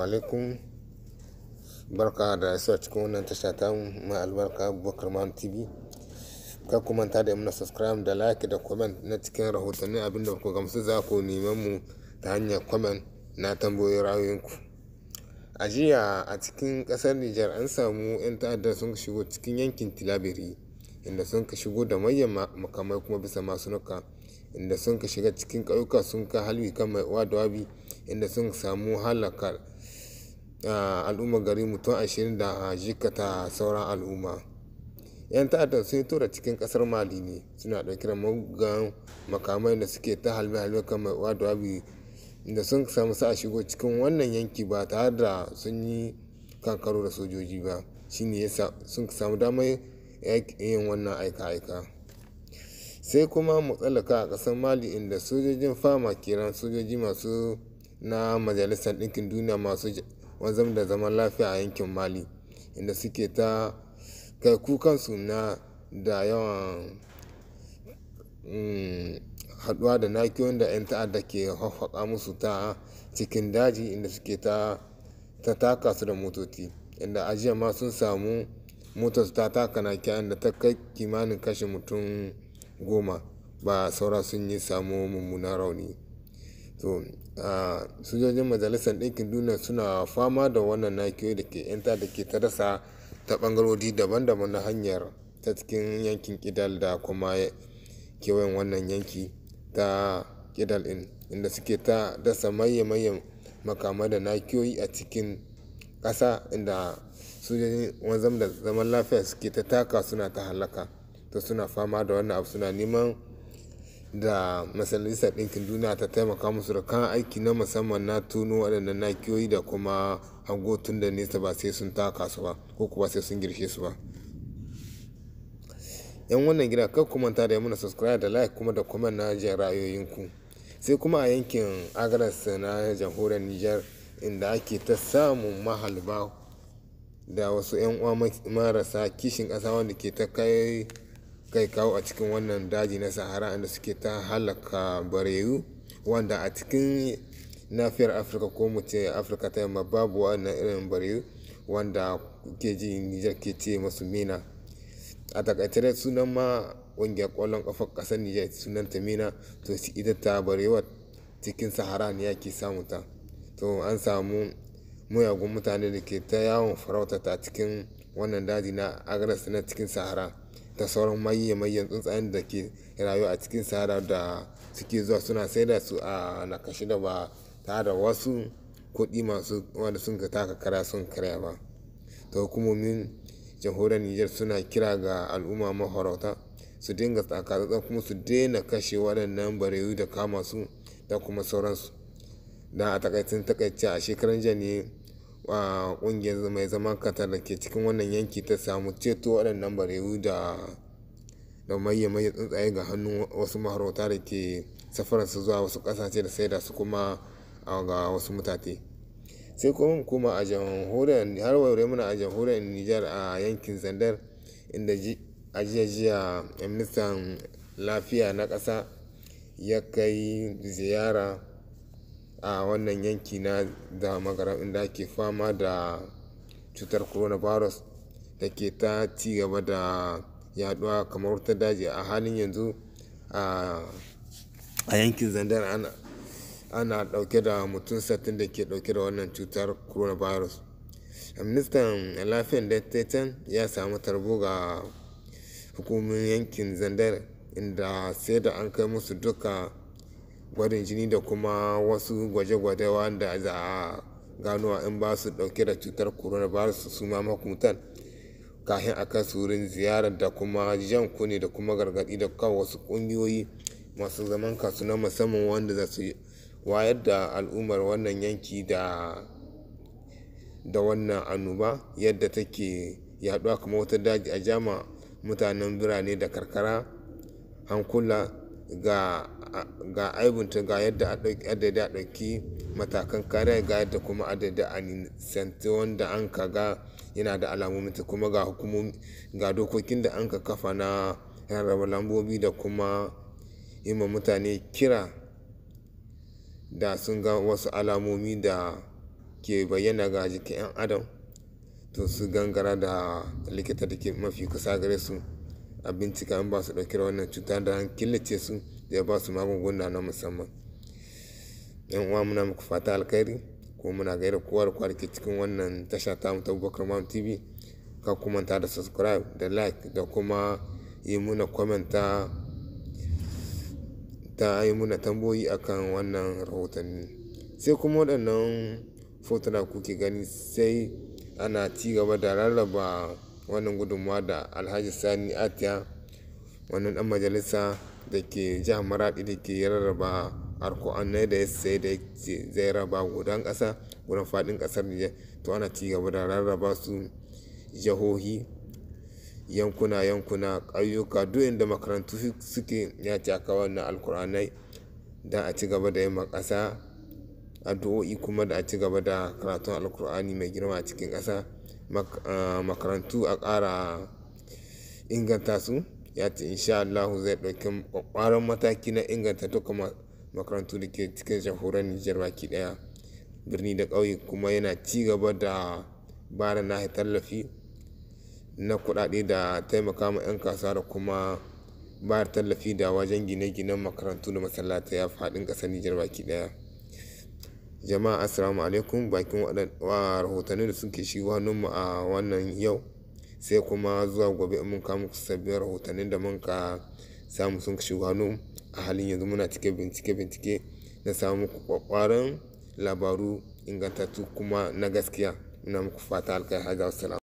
alaikum barka da isuwa cikin wannan tasha ta mai albarka abubakar man tv ka ku manta da muna subscribe da like da comment na cikin rahotanni abinda ku gamsu za ku neman mu ta hanyar comment na tambayoyin rayuwarku a jiya a cikin kasar nijar an samu 'yan ta'adda sun shigo cikin yankin tilabiri inda sun ka shigo da manyan makamai kuma bisa masunuka inda sun ka shiga cikin ƙauyuka sun ka halwi kan mai uwa da wabi inda sun samu halakar. al'ummar gari mutum ashirin da jikata sauran al'umma yan ta'adda sun yi tura cikin kasar mali ne suna ɗauke da magan makamai da suke ta halbe-halbe kan mai uwa da da sun samu sa shigo cikin wannan yanki ba tare da sun yi kankaro da sojoji ba shine yasa sun samu damar yin wannan aika-aika sai kuma matsalaka a kasar mali inda sojojin fama kiran sojoji masu na majalisar ɗinkin duniya masu wanzam da zaman lafiya a yankin mali inda suke ta kai kukansu na da yawan mm, haduwa da nakiyoyin da 'yan ta'adda ke haffaka musu ta cikin daji inda suke ta taka su da motoci inda ajiya ma sun samu motar ta taka nakiya inda ta kai kimanin kashe mutum goma ba saura sun yi samu mummunan rauni to sojojin majalisar ɗinkin duniya suna fama da wannan nakiyoyi da ke 'yanta da ke ta ta ɓangarori daban-daban na hanyar ta cikin yankin kidal da kuma kewayen wannan yanki ta kidal in inda suke ta dasa maye-maye makamai da nakiyoyi a cikin ƙasa inda sojojin wanzam da zaman lafiya suke ta taka suna ta halaka to suna fama da wannan abu suna neman da masalisa ɗinkin duniya ta taimaka musu da kan aiki na musamman na tuno waɗannan nakiyoyi da kuma hango tun da nesa ba sai sun taka su ba ko kuma sai sun girshe su ba yan wannan gida kan kumanta da muna subscribe da like kuma da kuma na jin ra'ayoyinku sai kuma a yankin agaras na jamhuriyar niger inda ake ta samun mahalba da wasu 'yan uwa marasa kishin ƙasa wanda ke ta kai kai kawo a cikin wannan daji na sahara inda suke ta halaka barewu wanda a cikin nafiyar afirka ko mu ce afirka ta yamma babu wannan irin barewu wanda ke ji nijar ke ce masu mina a takaice da sunan ma ƙungiyar kwallon kafa kasar nijar sunan ta mina to ita ta barewa cikin sahara ne yake samu ta to an samu muyagun mutane da ke ta yawon farauta ta cikin wannan daji na agaras na cikin sahara da sauran maye manyan tsuntsayen da ke rayuwa a cikin sahara da suke zuwa suna da su a nakashi da ba ta da wasu kuɗi masu wanda sun ka taka kara sun karya ba ta hukumomin jamhuriyar niger suna kira ga al'umma mahorauta su dinga tsakatsatsan kuma su daina kashe waɗannan barewu da kama su da kuma sauransu da a takaicin takaici a shekaran jiya ne ƙungiyar mai zaman katar da ke cikin wannan yanki ta samu ceto waɗannan barewu da da maye-maye tsuntsaye ga hannu wasu maharauta da ke su zuwa wasu ƙasashe da saida su kuma ga wasu mutane sai kuma kuma a jamhuriyar har wayo muna a jamhuriyar nijar a yankin zandar inda ajiyajiya ministan lafiya na ƙasa ya kai ziyara a wannan yanki na da magara inda ake fama da cutar coronavirus da ke ta ci gaba da yaduwa kamar wutar daji a halin yanzu a yankin zandar ana ana dauke da mutum satin da ke dauke da wannan cutar coronavirus ministan lafiyan daidaiton ya samu tarbo ga hukumin yankin zandar inda sai da an kai musu duka gwarin jini da kuma wasu gwaje-gwaje wanda za a ganowa in ba su dauke da cutar coronavirus su ma makuntan kafin a kai wurin ziyarar da kuma jan kuni da kuma gargadi da kawo wasu kungiyoyi masu zaman kasu na musamman wanda za su wayar da al'ummar wannan yanki da da wannan annoba yadda take yaduwa kuma wata daji a jama mutanen birane da karkara hankula ga ga aibunta ga yadda a ɗauki matakan kariya ga yadda kuma daidai a nisanci wanda an ka ga yana da alamominta kuma ga hukumomi ga dokokin da an ka kafa na yarraba lambobi da kuma ima mutane kira da sun ga wasu alamomi da ke bayyana ga jikin 'yan adam to su gangara da likita da ke mafi kusa gare su a bincika in ba su ɗauki wannan cuta da an killace su zai ya ba su magunguna na musamman yan uwa muna muku fata alkhairi ko muna gaira kowa da kwarke cikin wannan tasha ta mutu abubakar mam tv ka kumanta da subscribe da like da kuma yi muna kwamenta ta yi muna tamboyi akan wannan rahotanni sai kuma waɗannan fotuna kuke gani sai ana ci gaba da rarraba wannan gudunmawa da alhaji sani atiya wannan dan majalisa da ke jihar maradi da ke rarraba ne da sai da zai raba gudan ƙasa gudan faɗin ƙasar nijar to ana ci gaba da rarraba su jihohi yankuna yankuna ƙauyuka duk inda makarantu suke ya ci aka wannan alkur'anai da a ci gaba da yin ƙasa addu'o'i kuma da a ci gaba da karatun alkur'ani mai girma a cikin ƙasa ah, makarantu a ƙara inganta su ya ce insha allahu zai ɗauki ƙwaƙwaran mataki na inganta duka makarantu da ke cikin jahoran nijar baki ɗaya birni da ƙauye kuma yana ci gaba da bara na tallafi na kuɗaɗe da taimaka ma 'yan kasuwa da kuma bayar tallafi da wajen gine-ginen makarantu da masallata ya faɗin ƙasar nijar baki ɗaya jama'a assalamu alaikum bakin wa rahotanni da suke shigo hannunmu a wannan yau sai kuma zuwa gobe in mun kawo muku sabbin rahotannin da mun ka samu sun kashe hannu a halin yanzu muna cike bincike bincike na samu kwakwaran labaru ingantattu kuma na gaskiya muna muku fata alkai haga wasu